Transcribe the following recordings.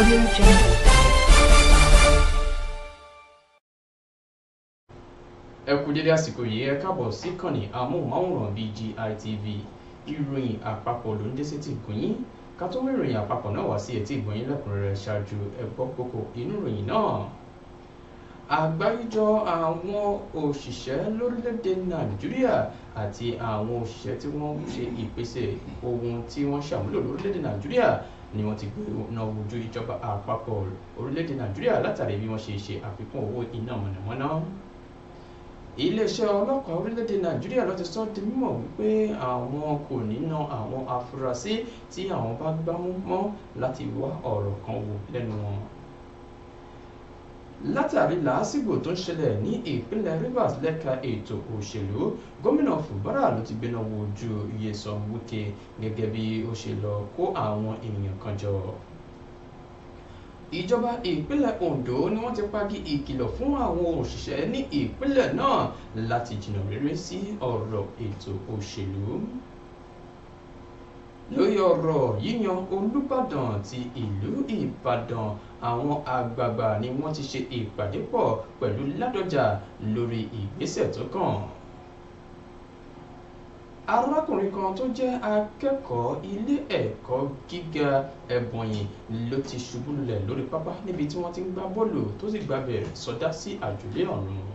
Audio Jungle. ẹ kú dédé àsìkò yìí ẹ káàbọ̀ sí kànnì amóhùnmáwòrán BGI TV ìròyìn àpapọ̀ ló ń dé sí ti gbòyìn ká tó mú ìròyìn àpapọ̀ náà wá sí etí ìgbòyìn lẹ́kùnrẹ́rẹ́ ṣáájú ẹgbọ́ kókó inú ìròyìn náà. àgbáríjọ àwọn òṣìṣẹ́ lórílẹ̀‐èdè nàìjíríà àti àwọn òṣìṣẹ́ tí wọ́n ń ṣe ìpèsè ohun tí wọ́n ṣàmúlò lórílẹ̀‐èdè nàìjíríà ni wọ́n ti gbé iná wojú ìjọba àpapọ̀ orílẹ̀-èdè nàìjíríà látàrí bí wọ́n ṣe ṣe àfikún owó iná mọ̀nàmọ́ná iléeṣẹ́ ọlọ́pàá orílẹ̀-èdè nàìjíríà ló ti sọ di mímọ̀ wípé àwọn kò ní na àwọn afurasí tí àwọn bá gbámú mọ́ láti wá ọ̀rọ̀ kan wò lẹ́nu wọn látàrí làásìgbò tó ń ṣẹlẹ̀ ní ìpínlẹ̀ Rivers lẹ́ka ètò òṣèlú gómìnà Fubara ló ti gbéná wojú Nyesom Wike gẹ́gẹ́ bí ó ṣe lọ kó àwọn ènìyàn kan jọ ìjọba ìpínlẹ̀ Ondo ni wọ́n ti pagi ìkìlọ̀ fún àwọn òṣìṣẹ́ ní ìpínlẹ̀ náà láti jìnnà rere sí ọ̀rọ̀ ètò òṣèlú lórí ọ̀rọ̀ yíyan olùbàdàn ti ìlú ìbàdàn àwọn àgbààgbà ni wọ́n ti ṣe ìpàdé pọ̀ pẹ̀lú ládọjà lórí ìgbésẹ̀ tó kàn arákùnrin kan tó jẹ́ akẹ́kọ̀ọ́ ilé ẹ̀kọ́ gíga ẹ̀bọ̀nyìn ló ti ṣubú lulẹ̀ lórí pápá níbi tí wọ́n ti ń gbá bọ́ọ̀lù tó sì gbabẹ̀ sọdá sí àjùlé ọ̀run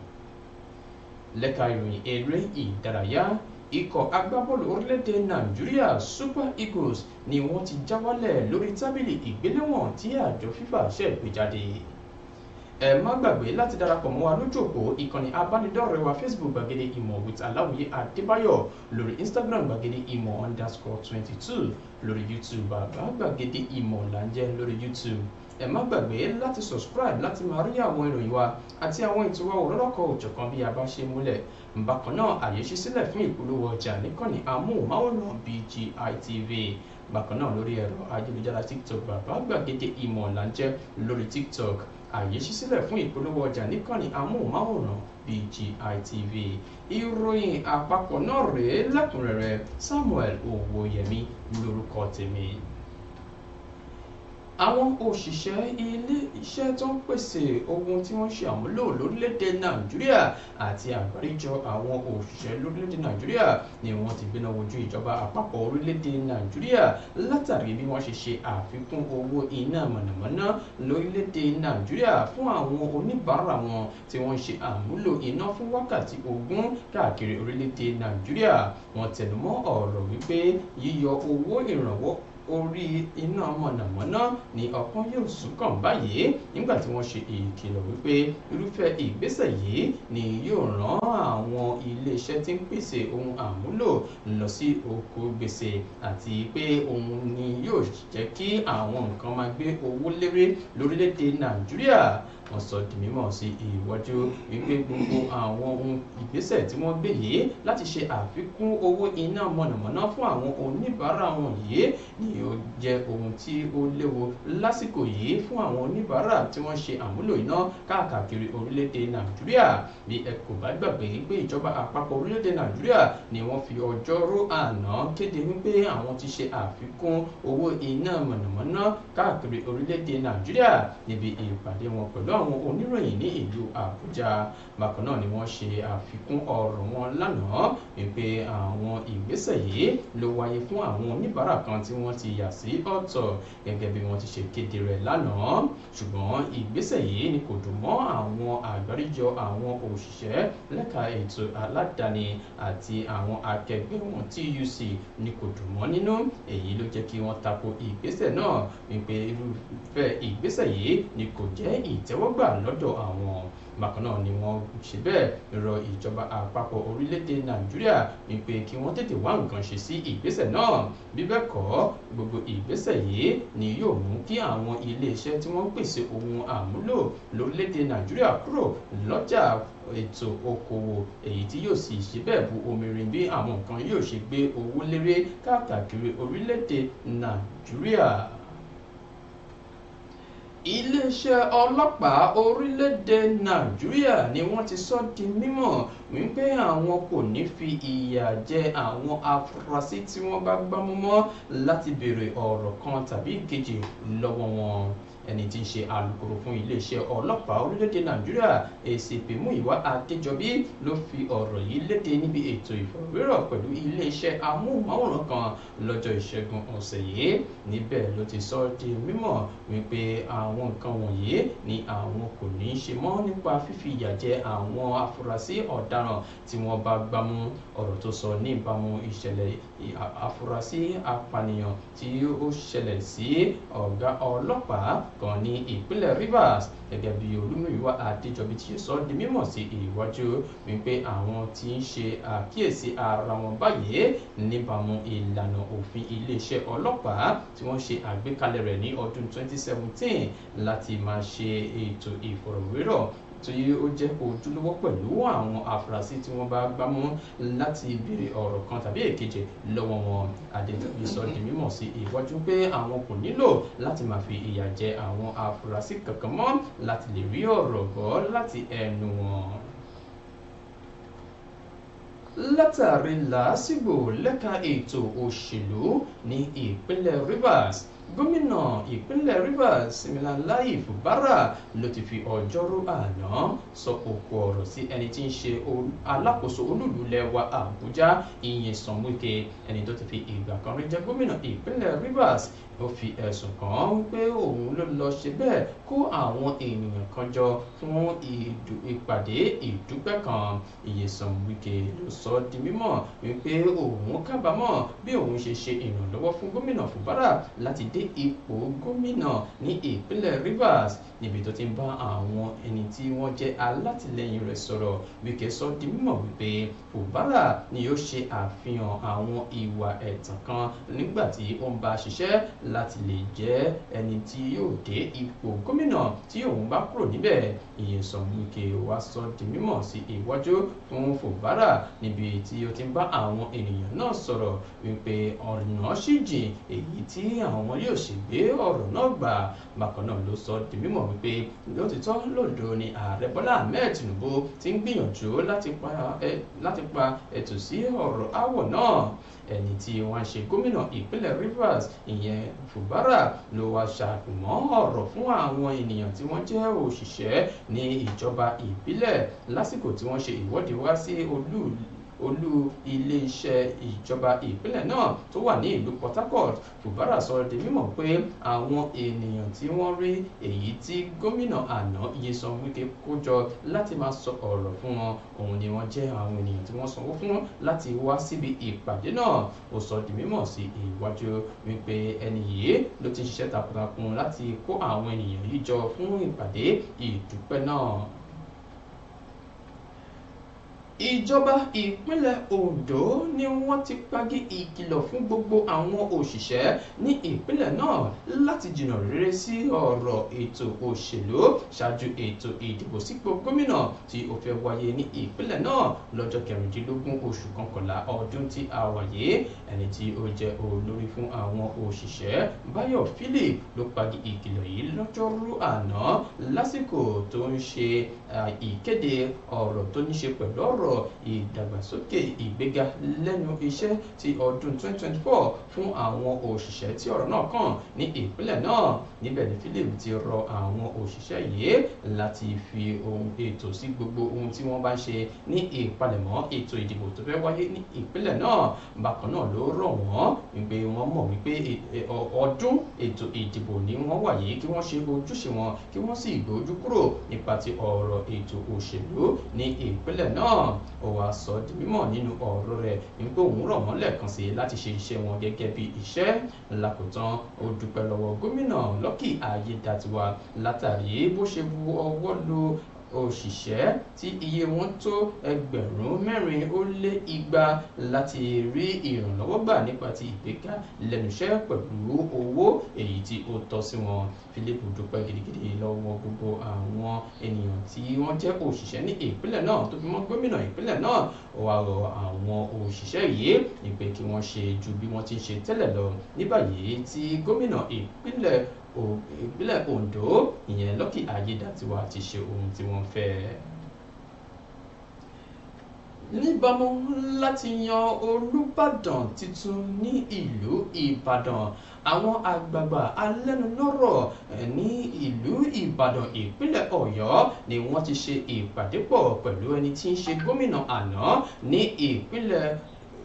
lẹ́ka ìròyìn eré ìdárayá ikọ̀ agbábọ́ọ̀lù orílẹ̀-èdè nàìjíríà super eagles ni wọ́n ti já wálẹ̀ lórí tábìlì ìgbéléwọ̀n tí àjọ fifa ṣe gbé jáde ẹ má gbàgbé láti darapọ̀ mọ́ wa lójú òpó ìkànnì abánidọ́rẹ̀ẹ́ wa facebook gbàgede ìmọ̀ with aláwòye adébáyọ̀ lórí instagram gbàgede ìmọ̀ underscore twenty two lórí youtube bàbá gbàgede ìmọ̀ làǹjẹ́ lórí youtube ẹ má gbàgbé láti subscribe láti máa rí àwọn ìròyìn wa àti àwọn ìtura òróró kan òjọ̀kan bí a bá ṣe múlẹ̀ bákan náà àyè ṣí sílẹ̀ fún ìpolówó ọjà níkànnì amóhùnmáwòrán BGI TV bákan náà lórí ẹ̀rọ ayélujára tiktok bàbá gbàgede ìmọ̀ là ń jẹ́ lórí tiktok àyè ṣí sílẹ̀ fún ìpolówó ọjà níkànnì amóhùnmáwòrán BGI TV ìròyìn àpapọ̀ náà rèé lẹ́kùnrẹ́rẹ́ Samuel Owóyẹmí lórúkọ tèmi àwọn òṣìṣẹ́ ilé iṣẹ́ tó ń pèsè ohun tí wọ́n ṣe àmúlò lórílẹ̀‐èdè nàìjíríà àti àgbáríjọ àwọn òṣìṣẹ́ lórílẹ̀‐èdè nàìjíríà ni wọ́n ti gbéná wojú ìjọba àpapọ̀ orílẹ̀‐èdè nàìjíríà látàrí bí wọ́n ṣe ṣe àfikún owó iná mọ̀nàmọ́ná lórílẹ̀‐èdè nàìjíríà fún àwọn oníbàárà wọn tí wọ́n ṣe àmúlò iná fún wákàtí ogún káàkiri orílẹ̀‐èdè nàìjíríà wọ́n tẹnumọ́ ọ̀rọ̀ orí iná mọ̀nàmọ́ná ni ọpọ́n yóò sún kàn báyìí nígbà tí wọ́n ṣe ìkìlọ̀ wípé irúfẹ́ ìgbésẹ̀ yìí ni yóò rán àwọn iléeṣẹ́ tí ń pèsè ohun àmúlò lọ sí oko gbèsè àti pé òun ni yóò jẹ́ kí àwọn nǹkan máa gbé owó léré lórílẹ̀‐èdè nàìjíríà wọ́n sọ di mímọ̀ sí ìwọ́jú wípé gbogbo àwọn ohun ìgbésẹ̀ tí wọ́n gbé yìí láti ṣe àfikún owó iná mọ̀nàmọ́ná fún àwọn oníbàárà wọn yìí ni yóò jẹ́ ohun tí ó léwu lásìkò yìí fún àwọn oníbàárà tí wọ́n ṣe àmúlò iná káàkiri orílẹ̀-èdè nàìjíríà bí ẹ kò bá gbàgbé pé ìjọba àpapọ̀ orílẹ̀-èdè nàìjíríà ni wọ́n fi ọjọ́rú àná kéde wípé àwọn ti ṣe àfikún owó iná mọ̀nàmọ́ná káàkiri orílẹ̀-èdè nàìjíríà níbi ìpàdé wọn pẹ̀lú àwọn oníròyìn ní ìlú àbújá bákan náà ni wọ́n ṣe àfikún ọ̀rọ̀ wọn lánàá wípé àwọn ìgbésẹ̀ yìí ló wáyé fún àwọn oníbàárà kan tí wọ́n ti ti yà sí ọ̀tọ̀ gẹ́gẹ́ bí wọ́n ti ṣe kéde rẹ̀ lánàá ṣùgbọ́n ìgbésẹ̀ yìí ni kò dùn mọ́ àwọn àgbáríjọ àwọn òṣìṣẹ́ lẹ́ka ètò aládàáni àti àwọn akẹgbẹ́ wọn TUC ni kò dùn mọ́ nínú èyí ló jẹ́ kí wọ́n tako ìgbésẹ̀ náà wípé irúfẹ́ ìgbésẹ̀ yìí ni kò jẹ́ ìtẹ́wọ́gbà lọ́dọ̀ àwọn bákan náà ni wọ́n ṣe bẹ́ẹ̀ rọ ìjọba àpapọ̀ orílẹ̀-èdè nàìjíríà ní pé kí wọ́n tètè wá nǹkan ṣe sí ìgbésẹ̀ náà bí kọ́ gbogbo ìgbésẹ̀ yìí ni yóò mú kí àwọn iléeṣẹ́ tí wọ́n pèsè ohun àmúlò lórílẹ̀-èdè nàìjíríà kúrò lọ́jà ètò okòwò èyí tí yóò sì ṣe bẹ́ẹ̀ bu omi rin bí àwọn nǹkan yóò ṣe gbé owó léré káàkiri orílẹ̀-èdè nàìjíríà iléeṣẹ́ ọlọ́pàá orílẹ̀-èdè nàìjíríà ni wọ́n ti sọ di mímọ̀ wípé àwọn kò ní fi ìyà jẹ àwọn afurasí tí wọ́n bá gbámú mọ́ láti béèrè ọ̀rọ̀ kan tàbí ìkejì lọ́wọ́ wọn ẹni tí ń ṣe alukoro fún iléeṣẹ́ ọlọ́pàá orílẹ̀-èdè nàìjíríà ACP Múyìwá Adéjọbí ló fi ọ̀rọ̀ yìí léde níbi ètò ìfọ̀rọ̀wérọ̀ pẹ̀lú iléeṣẹ́ amóhùnmáwòrán kan lọ́jọ́ ìṣẹ́gun ọ̀sẹ̀ yìí níbẹ̀ ló ti sọ di mímọ̀ wípé àwọn nǹkan wọ̀nyí ni àwọn kò ní í ṣe mọ́ nípa fífi ìyà jẹ àwọn afurasí ọ̀dà ọ̀daràn tí wọ́n bá gbámú ọ̀rọ̀ tó sọ ní ìbámu ìṣẹ̀lẹ̀ àfurasí apànìyàn tí ó ṣẹlẹ̀ sí ọ̀gá ọlọ́pàá kan ní ìpínlẹ̀ Rivers gẹ́gẹ́ bí Olúmúyìwá Adéjọbí ti sọ di mímọ̀ sí iwájú wípé àwọn ti ń ṣe àkíyèsí ara wọn báyìí níbàámu ìlànà òfin iléeṣẹ́ ọlọ́pàá tí wọ́n ṣe àgbékalẹ̀ rẹ̀ ní ọdún 2017 láti máa ṣe ètò ìfọ̀rọ̀wérọ̀ tí ó jẹ́ ojúlówó pẹ̀lú àwọn afurasí tí wọ́n bá gbámú láti béèrè ọ̀rọ̀ kan tàbí èkejì lọ́wọ́ wọn adétọ́bí sọ di mímọ̀ sí iwájú pé àwọn kò nílò láti máa fi ìyà jẹ àwọn afurasí kankan mọ́ láti lè rí ọ̀rọ̀ gbọ́ láti ẹnu wọn látàrí làásìgbò lẹ́ka ètò òṣèlú ní ìpínlẹ̀ Rivers gómìnà ìpínlẹ̀ rivers Siminalayi Fubara ló ti fi ọjọ́rú àná sọ òkú ọ̀rọ̀ sí ẹni tí ń ṣe alákòóso olúùlú lẹ́wà àbújá ìyẹn Sàn Wíkẹ́ ẹni tó ti fi ìgbà kan rí jẹ́ gómìnà ìpínlẹ̀ rivers ó fi ẹ̀sùn kàn án wípé òun ló lọ ṣe bẹ́ẹ̀ kó àwọn ènìyàn kan jọ fún ìpàdé ìdúpẹ́ kan Nyesom Wike ló sọ ọ́ di mímọ̀ wípé òun kábàámọ̀ bí òun ṣe ṣe ìrànlọ́wọ́ fún gómìnà Fubara láti dé ipò gómìnà ní ìpínlẹ̀ Rivers níbi tó ti ń bá àwọn ẹni tí wọ́n jẹ́ alátìlẹyìn rẹ̀ sọ̀rọ̀ Wike sọ di mímọ̀ wípé Fubara ni yóò ṣe àfihàn àwọn ìwà ẹ̀tàn kan nígbà tí ó ń bá ṣiṣẹ́ láti lè jẹ́ ẹni tí yóò dé ipò gómìnà tí òun bá kúrò níbẹ̀ ìyẹ̀sán Wike wá sọ di mímọ̀ sí iwájú fún Fubara níbi tí ó ti ń bá àwọn ènìyàn náà sọ̀rọ̀ wípé ọ̀nà ṣì jìn èyí tí àwọn yóò sì gbé ọ̀rọ̀ náà gbà bákan náà ló sọ di mímọ̀ wípé lótìtọ́ lòdò ni ààrẹ Bọ́lá Ahmed Tinubu ti ń gbìyànjú láti pa ètò sí ọ̀rọ̀ áwọ̀ náà ẹni tí wọ́n ṣe gómìnà ìpínlẹ̀ Rivers ìyẹn Fubara ló wá ṣàfimọ́ ọ̀rọ̀ fún àwọn ènìyàn tí wọ́n jẹ́ òṣìṣẹ́ ní ìjọba ìbílẹ̀ lásìkò tí wọ́n ṣe ìwọ́de wá sí olú olú iléeṣẹ́ ìjọba ìpínlẹ̀ náà tó wà ní ìlú Port Harcourt Fubara sọ di mímọ̀ pé àwọn ènìyàn tí wọ́n rí èyí tí gómìnà àná Nyesom Wike kó jọ láti máa sọ ọ̀rọ̀ fún wọn òun ni wọ́n jẹ́ àwọn ènìyàn tí wọ́n sanwó fún láti wá síbi ìpàdé náà ó sọ di mímọ̀ sí iwájú wípé ẹni yìí ló ti ń ṣiṣẹ́ takuntakun láti kó àwọn ènìyàn yìí jọ fún ìpàdé ìdúpẹ́ náà ìjọba ìpínlẹ̀ Ondo ni wọ́n ti pagi ìkìlọ̀ fún gbogbo àwọn òṣìṣẹ́ ní ìpínlẹ̀ náà láti jìnnà rere sí ọ̀rọ̀ ètò òṣèlú ṣáájú ètò ìdìbò sípò gómìnà tí ó fẹ́ wáyé ní ìpínlẹ̀ náà lọ́jọ́ kẹrìndínlógún oṣù kọkànlá ọdún tí a wà yìí ẹni tí ó jẹ́ olórí fún àwọn òṣìṣẹ́ Báyọ̀ Philip ló pagi ìkìlọ̀ yìí lọ́jọ́rú àná lásìkò tó ń ṣe ìkéde ọ̀rọ̀ tó ní ṣe pẹ̀lú ọ̀rọ̀ sọ̀rọ̀ ìdàgbàsókè ìgbéga lẹ́nu iṣẹ́ ti ọdún 2024 fún àwọn òṣìṣẹ́ tí ọ̀rọ̀ náà kàn ní ìpínlẹ̀ náà níbẹ̀ ni Philip ti rọ àwọn òṣìṣẹ́ yìí láti fi ohun ètò sí gbogbo ohun tí wọ́n bá ń ṣe ní ìpalẹ̀mọ́ ètò ìdìbò tó fẹ́ wáyé ní ìpínlẹ̀ náà bákan náà ló rọ̀ wọ́n wípé wọ́n mọ̀ wípé ọdún ètò ìdìbò ni wọ́n wà yìí kí wọ́n ṣe ojúṣe wọn kí wọ́n sì gbójú kúrò nípa ti ọ̀rọ̀ ètò òṣèlú ní ìpínlẹ̀ náà ó wàá sọ di mímọ̀ nínú ọ̀rọ̀ rẹ̀ nígbà òun rọ̀ wọ́n lẹ́ẹ̀kan sí láti ṣe iṣẹ́ wọn gẹ́gẹ́ bí iṣẹ́ lákòótán ó dúpẹ́ lọ́wọ́ gómìnà Lucky Ayédàtiwa látàrí bó ṣe bu ọwọ́ lù òṣìṣẹ́ tí iye wọn tó ẹgbẹ̀rún mẹ́rin ó lé igba láti rí ìrànlọ́wọ́ gbà nípa ti ìgbéga lẹ́nu iṣẹ́ pẹ̀lú owó èyí tí ó tọ́ sí wọn Philip dúpẹ́ gidigidi lọ́wọ́ gbogbo àwọn ènìyàn tí wọ́n jẹ́ òṣìṣẹ́ ní ìpínlẹ̀ náà tó fi mọ́ gómìnà ìpínlẹ̀ náà ó wá rọ àwọn òṣìṣẹ́ yìí ní pé kí wọ́n ṣe ju bí wọ́n ti ń ṣe tẹ́lẹ̀ lọ ní báyìí tí gómìnà ìpínlẹ̀ ìpínlẹ̀ Ondo ìyẹn Lucky Ayédàtiwa ti ṣe ohun tí wọ́n fẹ́ níbàámu láti yan olùbàdàn tuntun ní ìlú Ìbàdàn àwọn àgbààgbà alẹ́nulọ́rọ̀ ní ìlú Ìbàdàn ìpínlẹ̀ Ọ̀yọ́ ni wọ́n ti ṣe ìpàdé pọ̀ pẹ̀lú ẹni tí ń ṣe gómìnà àná ní ìpínlẹ̀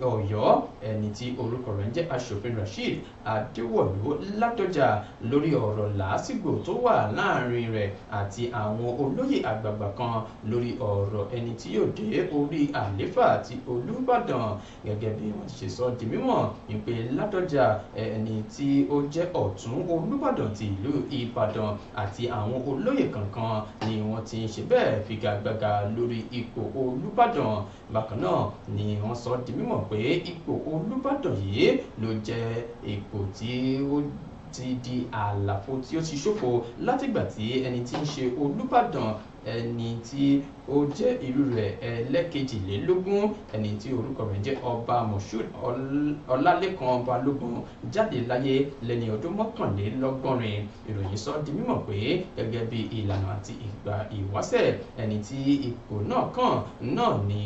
Ọ̀yọ́ ẹni tí orúkọ rẹ̀ ń jẹ́ aṣòfin Rasheed Adéwọ̀lú Ládọjà lórí ọ̀rọ̀ làásìgbò tó wà láàrin rẹ̀ àti àwọn olóyè àgbààgbà kan lórí ọ̀rọ̀ ẹni tí yóò dé orí àléfà ti Olúbàdàn gẹ́gẹ́ bí wọ́n ti ṣe sọ di mímọ̀ wípé Ládọjà ẹni tí ó jẹ́ ọ̀tún Olúbàdàn ti ìlú Ìbàdàn àti àwọn olóyè kankan ni wọ́n ti ń ṣe bẹ́ẹ̀ figagbága lórí ipò Olúbàdàn bákan náà ni wọ́n sọ di mímọ̀ pé ipò Olúbàdàn yìí ló jẹ́ ipò tí ó ti di àlàfo tí ó ti ṣòfò látìgbà tí ẹni tí ń ṣe Olúbàdàn ẹni tí ó jẹ́ ìlú rẹ̀ ẹlẹ́kejìlélógún ẹni tí orúkọ rẹ̀ jẹ́ ọba moshood ọlálékan balógun jáde láyé lẹ́ni ọdún mọ́kànlélọ́gọ́rin ìròyìn sọ di mímọ̀ pé gẹ́gẹ́ bí ìlànà àti ìgbà ìwáṣẹ̀ ẹni tí ipò náà kàn náà ni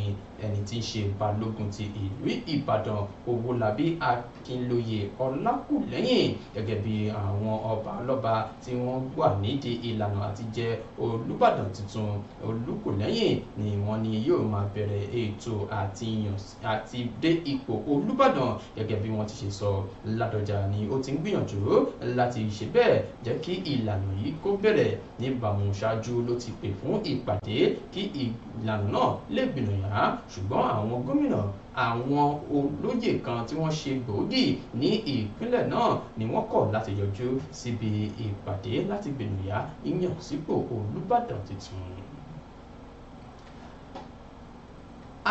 ẹni tí í ṣe balógun ti ìlú ìbàdàn owólabí akínlóye ọlákùlẹ́yìn gẹ́gẹ́ bí àwọn ọba ọlọ́ba tí wọ́n wà nídìí ìlànà àti jẹ olùbàdàn tuntun olùkùlẹ́yìn lẹ́yìn ni wọ́n ní yóò máa bẹ̀rẹ̀ ètò àti dé ipò olùbàdàn gẹ́gẹ́ bí wọ́n ti ṣe sọ ládọjà ni ó ti ń gbìyànjú láti ṣe bẹ́ẹ̀ jẹ́ kí ìlànà yìí kó bẹ̀rẹ̀ níbàámu ṣáájú ló ti pè fún ìpàdé kí ìlànà náà lè gbìyànjú ṣùgbọ́n àwọn gómìnà àwọn olóyè kan tí wọ́n ṣe gbòógì ní ìpínlẹ̀ náà ni wọ́n kọ̀ láti yọjú síbi ìpàdé láti gbìyànjú yíyàn sípò olùbàdàn tuntun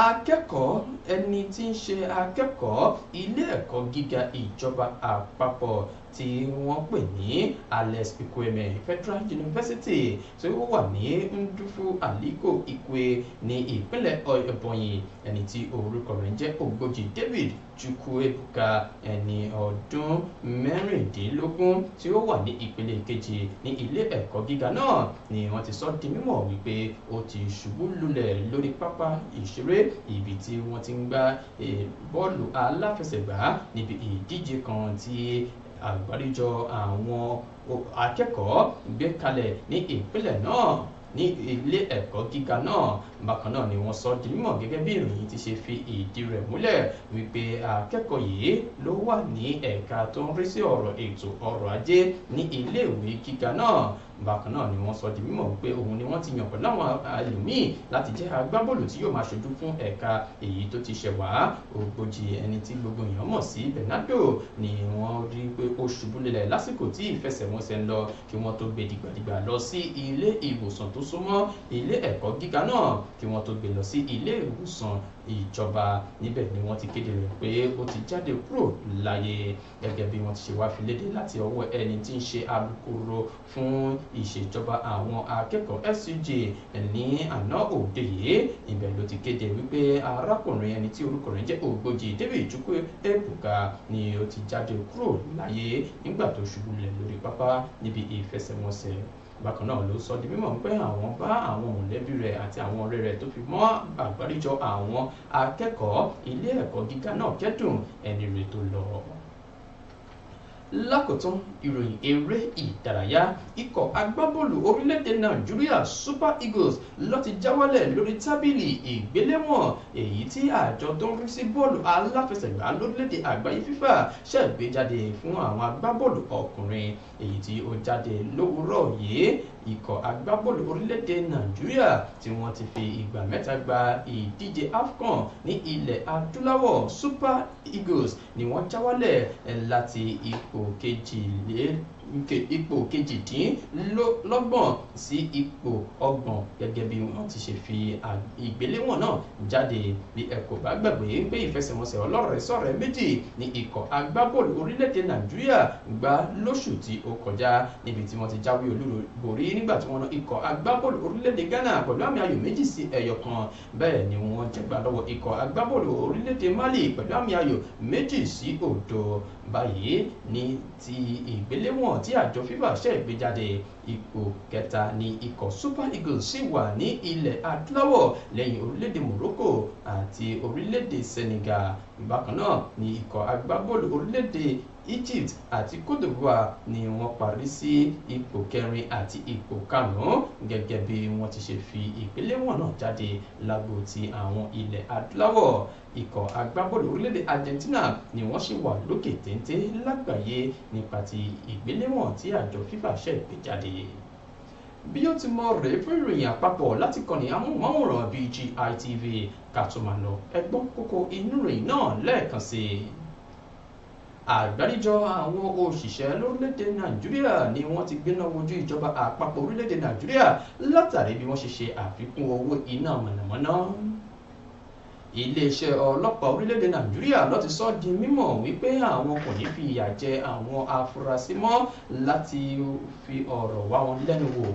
akẹ́kọ̀ọ́ ẹni tí í ṣe akẹ́kọ̀ọ́ ilé ẹ̀kọ́ gíga ìjọba àpapọ̀ tí wọ́n pè ní Alex Ikweme Federal University tí ó wà ní Ndúfú Aliko Ikwe ní ìpínlẹ̀ Ebonyi ẹni tí orúkọ rẹ̀ ń jẹ́ Ògbójì David Chukwuebuka ẹni ọdún mẹ́rìndínlógún tí ó wà ní ìpele kejì ní ilé ẹ̀kọ́ gíga náà ni wọ́n ti sọ di mímọ̀ wípé ó ti ṣubú lulẹ̀ lórí pápá ìṣeré ibi tí wọ́n ti ń gbá eh, bọ́ọ̀lù aláfẹsẹ̀gbá níbi ìdíje kan tí àgbáríjọ àwọn akẹ́kọ̀ọ́ gbé kalẹ̀ ní ìpínlẹ̀ náà ní ilé ẹ̀kọ́ gíga náà bákan náà ni wọ́n sọ di mímọ̀ gẹ́gẹ́ bí ìròyìn ti ṣe fi ìdí rẹ̀ múlẹ̀ wípé akẹ́kọ̀ọ́ yìí ló wà ní ẹ̀ka tó ń rí sí ọ̀rọ̀ ètò ọrọ̀ ajé ní iléèwé gíga náà bákan náà ni wọ́n sọ di mímọ̀ wípé òun ni wọ́n ti yàn pẹ̀lú àwọn ẹlòmíì láti jẹ́ agbábọ́ọ̀lù tí yóò máa ṣojú fún ẹ̀ka èyí tó ti ṣẹ̀ wá ògbójì ẹni tí gbogbo èèyàn mọ̀ sí Bernardo ni wọ́n rí pé ó ṣubú lulẹ̀ lásìkò tí ìfẹsẹ̀wọnsẹ̀ ń lọ kí wọ́n tó gbé dìgbàdìgbà lọ sí ilé ìwòsàn tó súnmọ́ ilé ẹ̀kọ́ gíga náà kí wọ́n tó gbé lọ sí ilé ìwòsàn ìjọba níbẹ̀ ni wọ́n ti kéde rẹ̀ pé ó ti jáde kúrò láyé gẹ́gẹ́ bí wọ́n ti ṣe wá fi léde láti ọwọ́ ẹni tí ń ṣe alukoro fún ìṣèjọba àwọn akẹ́kọ̀ọ́ SUG ní àná òde yìí ibẹ̀ ló ti kéde wípé arákùnrin ẹni tí orúkọ rẹ̀ jẹ́ Ògbójì David Chukwu Ebuka ni ó ti jáde kúrò láyé nígbà tó ṣubú lẹ̀ lórí pápá níbi ìfẹsẹ̀wọnsẹ̀ bákan náà ló sọ di mímọ̀ pé àwọn bá àwọn mọ̀lẹ́bí rẹ̀ àti àwọn ọ̀rẹ́ rẹ̀ tó fi mọ́ àgbáríjọ àwọn akẹ́kọ̀ọ́ ilé ẹ̀kọ́ gíga náà kẹ́dùn ẹni rẹ̀ lọ lákòótán ìròyìn eré ìdárayá ikọ̀ agbábọ́ọ̀lù orílẹ̀-èdè nàìjíríà super eagles ló ti jáwálẹ̀ lórí tábìlì ìgbéléwọ̀n èyí tí àjọ tó ń rí sí bọ́ọ̀lù aláfẹsẹ̀gbá lórílẹ̀-èdè àgbáyé fífà ṣẹ̀gbéjáde fún àwọn agbábọ́ọ̀lù ọkùnrin èyí tí ó jáde lówùúrọ̀ yìí ikọ̀ agbábọ́ọ̀lù orílẹ̀-èdè nàìjíríà tí wọ́n ti fi ìgbà mẹ́ta gba ìdíje afcon ní ilẹ̀ adúláwọ̀ super eagles ni wọ́n jáwálẹ̀ láti ipò kejì ipò kejìdínlọ́gbọ̀n sí ipò ọgbọ̀n gẹ́gẹ́ bí wọ́n ti ṣe fi ìgbéléwọ̀n náà jáde bí ẹ kò bá gbàgbé pé ìfẹsẹ̀wọnsẹ̀ ọlọ́rẹ̀ẹ́sọ̀rẹ́ méjì ni ikọ̀ agbábọ́ọ̀lù orílẹ̀-èdè nàìjíríà gbá lóṣù tí ó kọjá níbi tí wọ́n ti jáwé olúborí nígbà tí wọ́n na ikọ̀ agbábọ́ọ̀lù orílẹ̀-èdè ghana pẹ̀lú àmì ayò méjì sí ẹyọ kan bẹ́ẹ̀ ni wọ́n jẹgbà lọ́wọ́ ikọ̀ agbábọ́ọ̀lù orílẹ̀-èdè mali pẹ̀lú àmì ayò méjì sí òdo báyìí ní ti ìgbéléwọ̀n tí àjọ FIFA ṣe ìgbéjáde ipò kẹta ni ikọ̀ Super Eagles sì wà ní ilẹ̀ adúláwọ̀ lẹ́yìn orílẹ̀-èdè Morocco àti orílẹ̀-èdè Senegal ìbákan náà ni ikọ̀ agbábọ́ọ̀lù orílẹ̀-èdè Egypt àti Cote d'Ivoire ni wọ́n parí sí ipò kẹrin àti ipò karùn-ún bí wọ́n ti ṣe fi ìgbéléwọ̀n náà jáde lágbo ti àwọn ilẹ̀ adúláwọ̀ ikọ̀ agbábọ́ọ̀lù orílẹ̀-èdè Argentina ni wọ́n sì wà lókè téńté lágbàáyé nípa ti ìgbéléwọ̀n tí àjọ FIFA ṣẹ̀ gbé jáde bí ó ti mọ rèé fún ìròyìn àpapọ̀ láti kọ́ni amóhùnmáwòrán BGI TV ká tó kókó inú ìròyìn náà lẹ́ẹ̀kan sí i àgbáríjọ àwọn òṣìṣẹ́ lórílẹ̀‐èdè nàìjíríà ni wọ́n ti gbéná wojú ìjọba àpapọ̀ orílẹ̀‐èdè nàìjíríà látàrí bí wọ́n ṣe ṣe àfikún owó iná mọ̀nàmọ́ná iléeṣẹ́ ọlọ́pàá orílẹ̀-èdè nàìjíríà ló ti sọ di mímọ̀ wípé àwọn kò ní fi ìyà jẹ àwọn afurasí mọ́ láti fi ọ̀rọ̀ wá wọn lẹ́nu wò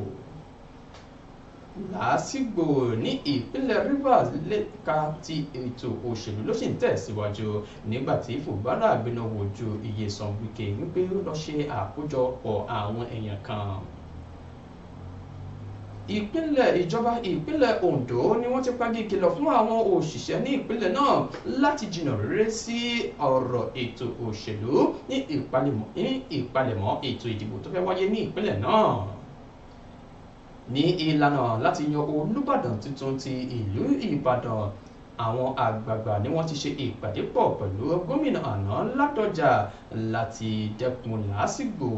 làásìgbò ní ìpínlẹ̀ Rivers lẹ́ka ti ètò òṣèlú ló sì ń tẹ̀síwájú nígbà tí Fubara bínú wojú Nyesom Wike wípé ó lọ ṣe àkójọpọ̀ àwọn èèyàn kan ìpínlẹ̀ ìjọba ìpínlẹ̀ Ondo ni wọ́n ti pagi ìkìlọ̀ fún àwọn òṣìṣẹ́ ní ìpínlẹ̀ náà láti jìnnà rere sí ọ̀rọ̀ ètò òṣèlú ní ìpalẹ̀mọ́ ètò ìdìbò tó fẹ́ wáyé ní ìpínlẹ̀ náà ní ìlànà láti yan olùbàdàn tuntun ti ìlú ìbàdàn àwọn àgbààgbà ni wọ́n ti ṣe ìpàdé pọ̀ pẹ̀lú gómìnà àná ládọjà láti dẹ́kun làásìgbò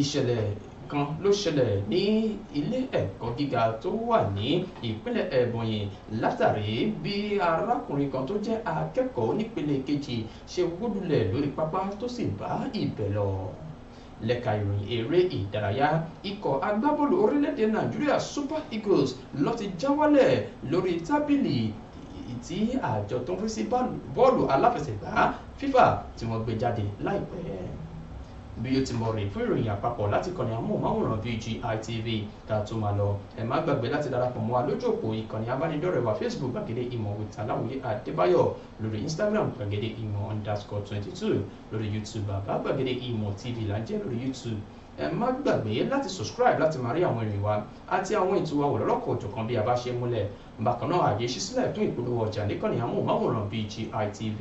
ìṣẹ̀lẹ̀ kan ló ṣẹlẹ̀ ní ilé ẹ̀kọ́ gíga tó wà ní ìpínlẹ̀ Ebonyi látàrí bí arákùnrin kan tó jẹ́ akẹ́kọ̀ọ́ nípele kejì ṣe wó lulẹ̀ lórí pápá tó sì bá ibẹ̀ lọ lẹ́ka ìròyìn eré ìdárayá ikọ̀ agbábọ́ọ̀lù orílẹ̀-èdè nàìjíríà super eagles ló ti já wálẹ̀ lórí tábìlì tí àjọ tó ń rí sí bọ́ọ̀lù aláfẹsẹ̀gbá fifa tí wọ́n gbé jáde láìpẹ́ bí ó ti mọ rè fún ìròyìn àpapọ̀ láti kànnì amóhùnmáwòrán BGI TV ká tó máa lọ ẹ má gbàgbé láti darapọ̀ mọ́ wa lójú òpó ìkànnì abánidọ́rẹ̀ẹ́ Facebook gbàgede ìmọ̀ with aláwòye àdébáyọ̀ lórí Instagram gbàgede ìmọ̀ underscore twenty two lórí YouTube bàbá gbàgede ìmọ̀ TV là ń lórí YouTube ẹ má gbàgbé láti subscribe láti máa rí àwọn ìrìn wa àti àwọn ètò wa wò lọ́lọ́kọ̀ òjọ̀kan bí a bá ṣe múlẹ̀ bákan náà àyè ṣí sílẹ̀ fún ìpolówó ọjà níkànnì amóhùnmáwòrán BGI TV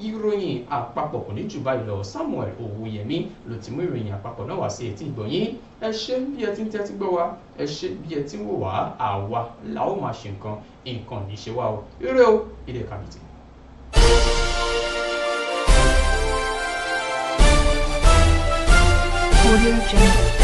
ìròyìn àpapọ̀ kò ní jù báyìí lọ Samuel Owóyẹmí ló ti mú ìròyìn àpapọ̀ náà wá sí etí ìgbọ̀nyín ẹ ṣé bí ẹ ti ń tẹ́tí gbọ́ wa ẹ ṣé bí ẹ ti ń wò wá àwa la máa ṣe nǹkan nǹkan ní í ṣe wá o ire o ilé kàbìtì. Audio Jungle.